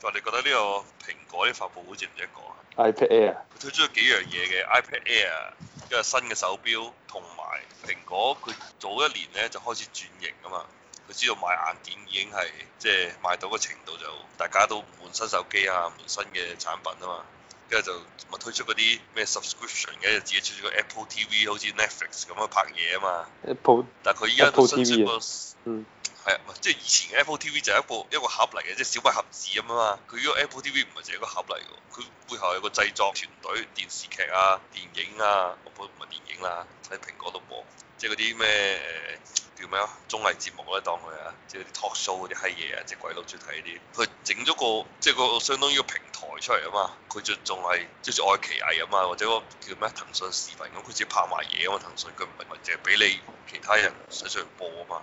就你覺得呢個蘋果啲發布好似唔止一個啊？iPad Air 佢推出咗幾樣嘢嘅 iPad Air，跟住新嘅手錶同埋蘋果，佢早一年咧就開始轉型啊嘛，佢知道賣硬件已經係，即係賣到個程度就大家都換新手機啊，換新嘅產品啊嘛，跟住就咪推出嗰啲咩 subscription 嘅。自己出咗個 App Apple, Apple TV 好似 Netflix 咁去拍嘢啊嘛。Apple 但係佢依家都新出個係啊，即係以前嘅 Apple TV 就係一個一個盒嚟嘅，即係小米盒子咁啊嘛。佢依個 Apple TV 唔係淨係一個盒嚟嘅，佢背後有個製作團隊，電視劇啊、電影啊，唔係電影啦，喺蘋果度播，即係嗰啲咩誒叫咩啊？綜藝節目咧當佢啊，即係啲 talk show 嗰啲閪嘢啊，即係鬼佬中意睇啲。佢整咗個即係個相當於個平台出嚟啊嘛。佢仲仲係即係愛奇藝啊嘛，或者個叫咩騰訊視頻咁，佢自己拍埋嘢啊嘛。騰訊佢唔係唔係淨係俾你其他人使上播啊嘛。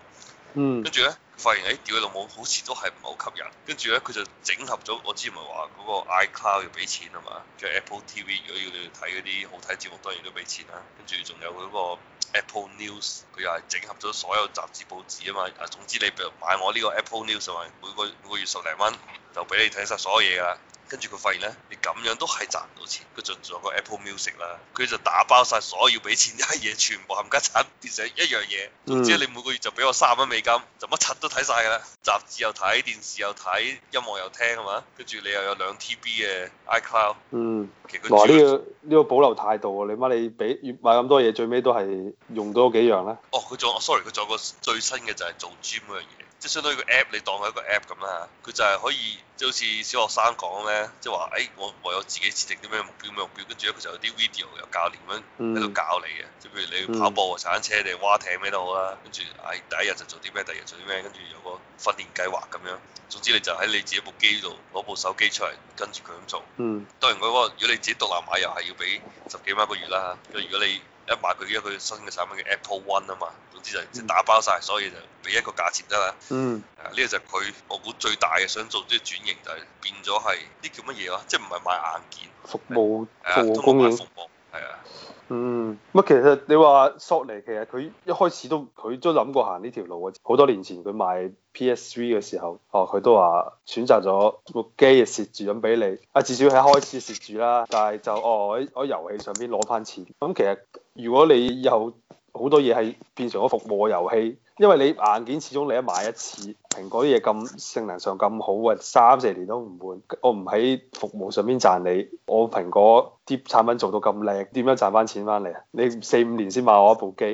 嗯、跟住咧，發現誒，屌佢老母，好似都係唔係好吸引。跟住咧，佢就整合咗，我之前咪話嗰個 iCloud 要俾錢啊嘛，即係 Apple TV 如果要你去睇嗰啲好睇節目，當然都俾錢啦。跟住仲有嗰個 Apple News，佢又係整合咗所有雜誌報紙啊嘛。啊，總之你譬如買我呢個 Apple News，咪每個每個月十零蚊就俾你睇晒所有嘢㗎啦。跟住佢發現咧，你咁樣都係賺唔到錢。佢就做個 Apple Music 啦，佢就打包晒所有要俾錢啲嘢，全部冚家產變成一樣嘢。總之、嗯、你每個月就俾我卅蚊美金，就乜柒都睇晒㗎啦。雜誌又睇，電視又睇，音樂又聽，係嘛？跟住你又有兩 TB 嘅 iCloud。嗯。其實呢、呢個呢、呢個保留態度喎，你乜你俾越買咁多嘢，最尾都係用多幾樣咧。哦，佢做，sorry，佢做個最新嘅就係做 gym 嗰樣嘢。即係相當於個 app，你當佢一個 app 咁啦，佢就係可以，即係好似小學生講咧，即係話誒，我為我有自己設定啲咩目標目標，跟住咧佢就有啲 video 又教練咁喺度教你嘅，即係譬如你跑步踩單、mm hmm. 車、定係劃艇咩都好啦，跟住誒第一日就做啲咩，第二日做啲咩，跟住有個訓練計劃咁樣，總之你就喺你自己部機度攞部手機出嚟跟住佢咁做。嗯、mm。Hmm. 當然嗰個如果你自己獨立買又係要俾十幾蚊個月啦，咁如果你一買佢，依家佢新嘅產品叫 Apple One 啊嘛。即打包晒，所以就俾一個價錢得嘛。嗯，呢、啊，這個就佢我估最大嘅想做啲轉型就，就係變咗係啲叫乜嘢咯？即係唔係賣硬件，服務、啊、服務供應，係啊。務嗯，咁的、嗯、其實你話索尼，其實佢一開始都佢都諗過行呢條路啊。好多年前佢賣 PS Three 嘅時候，哦，佢都話選擇咗個機蝕住咁俾你，啊至少喺開始蝕住啦。但係就哦喺喺遊戲上邊攞翻錢。咁其實如果你有好多嘢係變成咗服務嘅遊戲，因為你硬件始終你一買一次。蘋果啲嘢咁性能上咁好，或者三四年都唔換，我唔喺服務上邊賺你。我蘋果啲產品做到咁靚，點樣賺翻錢翻嚟啊？你四五年先買我一部機，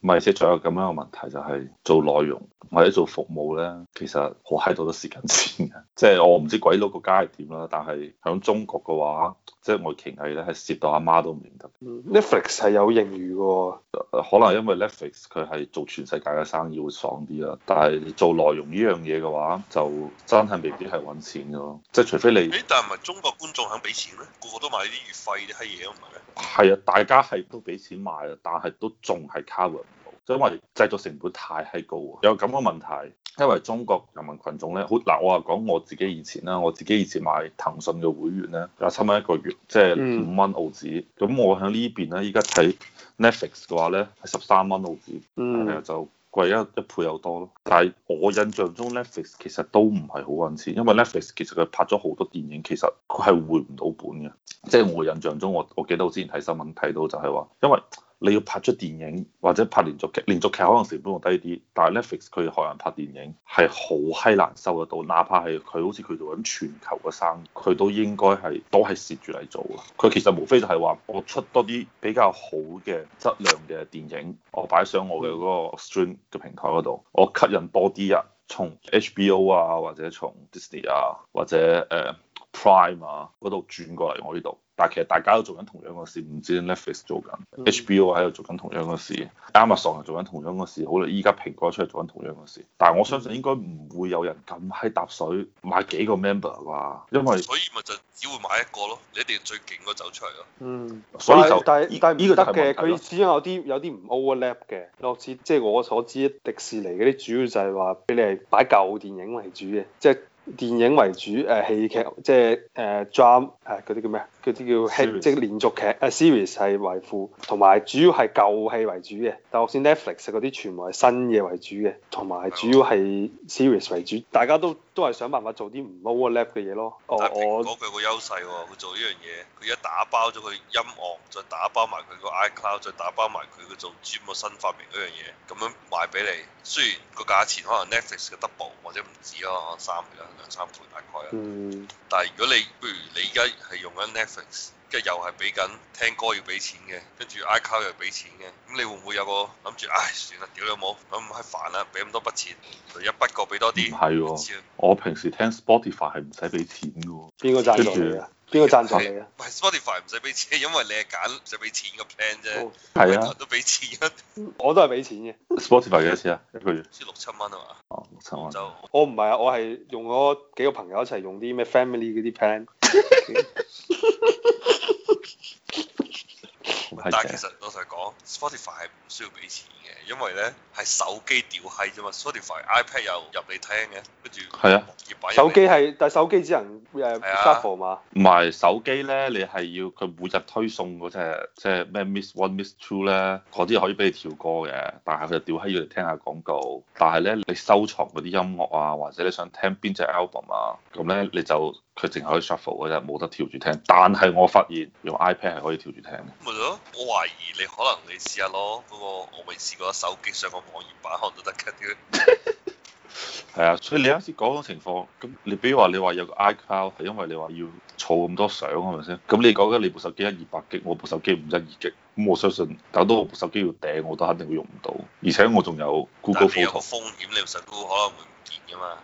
唔係，而且仲有咁樣嘅問題就，就係做內容或者做服務咧，其實我喺度都蝕緊錢嘅。即 係我唔知鬼佬國家係點啦，但係響中國嘅話，即係愛奇藝係咧係蝕到阿媽都唔認得。Netflix 係有盈餘嘅喎。可能因為 Netflix 佢係做全世界嘅生意會爽啲啦，但係做內容呢樣。樣嘢嘅話就真係未必係揾錢㗎囉，即係除非你誒、欸，但係唔係中國觀眾肯俾錢咩？個個都買啲月費啲閪嘢，唔係咩？係啊，大家係都俾錢買啊，但係都仲係 cover 唔到，因為製作成本太閪高啊！有咁嘅問題，因為中國人民群眾咧，好嗱，我話講我自己以前啦，我自己以前買騰訊嘅會員咧，廿七蚊一個月，即係五蚊澳紙，咁、嗯、我喺呢邊咧，依家睇 Netflix 嘅話咧，係十三蚊澳紙，係、嗯、就。貴一一倍又多咯，但係我印象中 Netflix 其實都唔係好揾錢，因為 Netflix 其實佢拍咗好多電影，其實佢係回唔到本嘅，即係我印象中，我我記得我之前睇新聞睇到就係話，因為。你要拍出電影或者拍連續劇，連續劇可能成本會低啲，但係 Netflix 佢學人拍電影係好閪難收得到，哪怕係佢好似佢做緊全球個生意，佢都應該係都係蝕住嚟做啊！佢其實無非就係話我出多啲比較好嘅質量嘅電影，我擺上我嘅嗰個 stream 嘅平台嗰度，我吸引多啲人從 HBO 啊或者從 Disney 啊或者誒。Uh, Prime 啊嗰度轉過嚟我呢度，但係其實大家都做緊同樣嘅事，唔知 Netflix 做緊、嗯、，HBO 喺度做緊同樣嘅事，Amazon 做緊同樣嘅事，好啦，依家蘋果出嚟做緊同樣嘅事，但係我相信應該唔會有人咁喺搭水買幾個 Member 啩，因為所以咪就只會買一個咯，你一定要最勁個走出嚟咯。嗯，所以就但係但係呢個得嘅，佢始終有啲有啲唔 overlap 嘅，落至即係我所知迪士尼嗰啲主要就係話俾你係擺舊電影為主嘅，即係。電影為主，誒、啊、戲劇即係誒 drum 誒嗰啲叫咩嗰啲叫即係連續劇 series 係為輔，同、啊、埋、啊啊、主，主要係舊戲為主嘅。但我見 Netflix 嗰啲全部係新嘢為主嘅，同埋主要係 series 為主。大家都都係想辦法做啲唔 overlap 嘅嘢咯。哦哦我，佢個優勢佢、哦、做呢樣嘢，佢一打包咗佢音樂，再打包埋佢個 iCloud，再打包埋佢嘅做 Gym、個新發明嗰樣嘢，咁樣賣俾你。雖然個價錢可能 Netflix 嘅 double 或者唔止咯，三兩兩三倍大概啦。嗯。但係如果你譬如你而家係用緊 Netflix，跟住又係俾緊聽歌要俾錢嘅，跟住 iCloud 又俾錢嘅，咁你會唔會有個諗住，唉，算啦，屌你冇，咁閪煩啦，俾咁多筆錢，就一筆過俾多啲？唔係喎，我平時聽 Spotify 係唔使俾錢嘅喎。邊個贊助啊？邊個贊助你啊？唔係 Spotify 唔使俾錢，因為你係揀唔使俾錢嘅 plan 啫。係啊，都俾錢啊！ 我都係俾錢嘅。Spotify 幾多錢啊？一個月？先六七蚊啊嘛？哦，六七蚊。就我唔係啊，我係用咗幾個朋友一齊用啲咩 family 嗰啲 plan，okay? 但係其實老實講，Spotify 係唔需要俾錢嘅，因為咧係手機屌閪啫嘛。Spotify iPad 又入嚟聽嘅，跟住係啊，手機係，但係手機只能 shuffle 嘛。唔、uh, 係、啊、手機咧，你係要佢每日推送嗰隻即係咩 Miss One Miss Two 咧，嗰啲可以俾你跳歌嘅。但係佢就屌閪要嚟聽下廣告。但係咧，你收藏嗰啲音樂啊，或者你想聽邊隻 album 啊，咁咧你就佢淨係可以 shuffle 嗰隻，冇得跳住聽。但係我發現用 iPad 係可以跳住聽嘅。我懷疑你可能你試下咯，不過我未試過手機上個網頁版都得嘅。係 啊，所以你啱先講嗰種情況，咁你比如話你話有個 iCloud，係因為你話要儲咁多相係咪先？咁你講緊你部手機一二百 G，我部手機五一二 G，咁我相信搞到我部手機要頂，我都肯定會用唔到。而且我仲有 Google Photo。有個風險，你個相簿可能會唔見㗎嘛。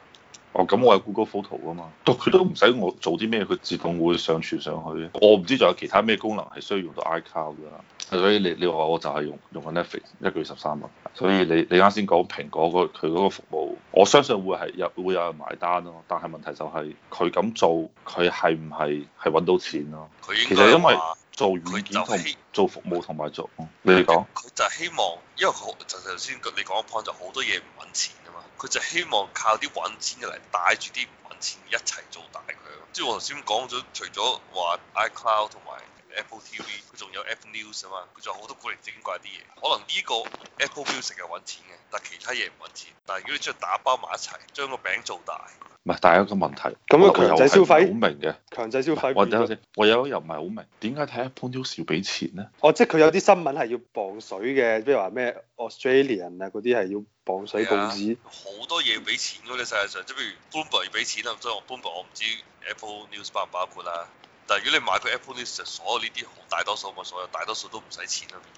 哦，咁我係 Google Photo 啊嘛，佢都唔使我做啲咩，佢自動會上傳上去。我唔知仲有其他咩功能係需要用到 iCloud 㗎。所以你你話我就係用用緊 Netflix 一個月十三萬。所以你你啱先講蘋果嗰佢嗰個服務，我相信會係有會有人埋單咯、啊。但係問題就係佢咁做，佢係唔係係揾到錢咯、啊？佢應該係嘛？其實因為做軟件方面，做服務同埋做，就你講說，佢就係希望，因為佢，就頭先你講嘅 point 就好多嘢唔揾錢啊嘛，佢就希望靠啲揾錢嘅嚟帶住啲唔揾錢一齊做大佢。即係我頭先講咗，除咗話 iCloud 同埋 Apple TV，佢仲有 Apple News 啊嘛，佢仲有好多古靈精怪啲嘢。可能呢個 Apple Music 係揾錢嘅，但係其他嘢唔揾錢。但係如果你將佢打包埋一齊，將個餅做大。唔係，但係有個問題，咁個強制消費好明嘅，強制消費。或者好有又唔係好明，點解睇 Apple News 要俾錢咧？哦，即係佢有啲新聞係要磅水嘅，比如話咩 Australian 啊嗰啲係要磅水報紙。好、啊、多嘢要俾錢㗎咧，世界上即係譬如 Bloomberg 要俾錢啦，所以我 Bloomberg 我唔知 Apple News 包唔包括啦。但係如果你買到 Apple News，就所有呢啲大多數我所有大多數都唔使錢啦。